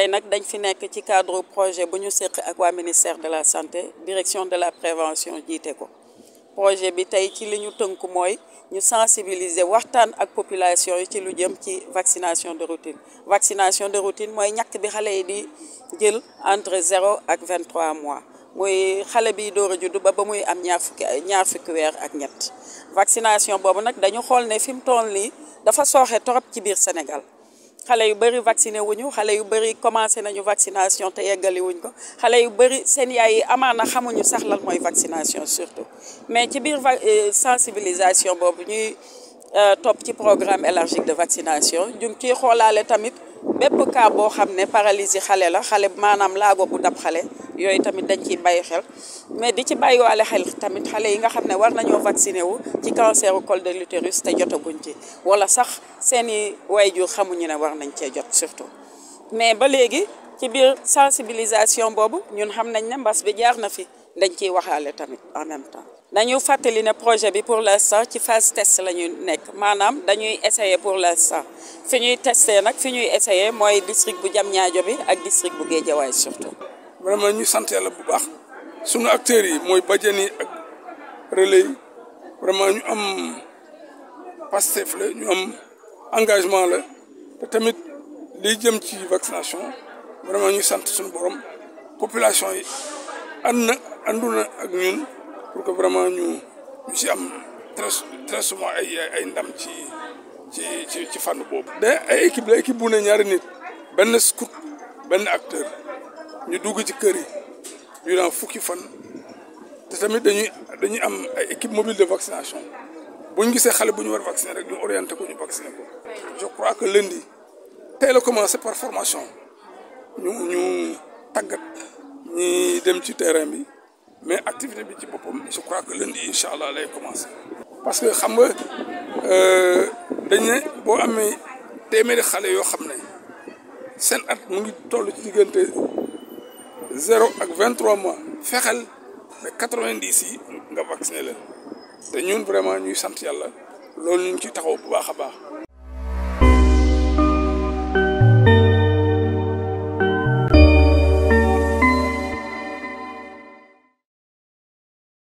tey nag dañ fi nek ci cadre projet bu ñu séq ak wa ministère de la santé direction de la prévention jité ko projet bi tay ci li ñu teunk moy ñu sensibiliser waxtaan ak population yi ci lu jëm ci vaccination de routine vaccination de routine moy ñak bi xalé yi di jël entre 0 ak 23 mois moy xalé bi door judd ba ba muy am ñaar fukki ñaar fukki wër ak ñett vaccination bobu nak dañu xol ne fim mu toll nii dafa soxé torop ci biir Sénégal xale yu bëri vacciné wuñu xale yu bëri commencé nañu vaccination te yeggali wuñ ko xale yu bëri seen yaay yi amaana xamuñu sax lan mooy vaccination surtout mais ci biir euh, sensibilisation boobu ñuy euh, topp ci programme élargique de vaccination ñu ngi ciy xoolaale tamit bépp cas boo xam ne paralysie xale la xale maanaam laago bu dab xale yooyu tamit dañ ciy bàyyi xel mais di ci bàyyiwaale xel tamit xale yi nga xam ne war nañoo vacciné wu ci cancer u col de l'utérus te jotaguñ ci wala sax seeni waajur xamuñu ne war nañ cee jot surtout mais ba léegi ci biir sensibilisation boobu ñun xam nañ ne mbas bi jaar na fi dañ ciy waxaale tamit en même temps dañu fàttali ne projet bi pour l'instant ci phase test la ñu nekk maanaam dañuy essayer pour l'instant fi ñuy teste nag fi ñuy essayer mooy district bu jam ñaajo bi ak district bu Guédiawaye surtout vraiment ñu santé la bu baax sunu acteurs yi mooy bajjan ak relais vraiment ñu am Pastef la ñu am engagement la te tamit li jëm ci vaccination vraiment ñu sant suñu borom population yi ànd na àndu na ak ñun pour que vraiment ñu ñu si am très très souvent ay ay ndam ci ci ci ci fànn boobu. de ay équipe la équipe bu ne ñaari nit benn scout benn acteur ñu dugg ci kër yi ñu daan fukki fan te tamit dañuy dañuy am ay équipe mobile de vaccination bu ñu gisee xale bu ñu war vacciner rek ñu orienté ko ñu vacciner ko. je crois que lundi tey la commencé par formation ñu ñu tàggat ñi dem ci terrain bi mais activité bi ci boppam je crois que lundi incha allah lay commencé. parce que xam nga euh, dañ ne boo amee téeméeri xale yoo xam ne seen at mu ngi toll ci diggante. zéro ak vingt mois fexel ba quatre vingt dix yi nga vacciné leen te ñun vraiment ñuy sant yàlla loolu ñu ngi ciy taxaw bu baax a baax.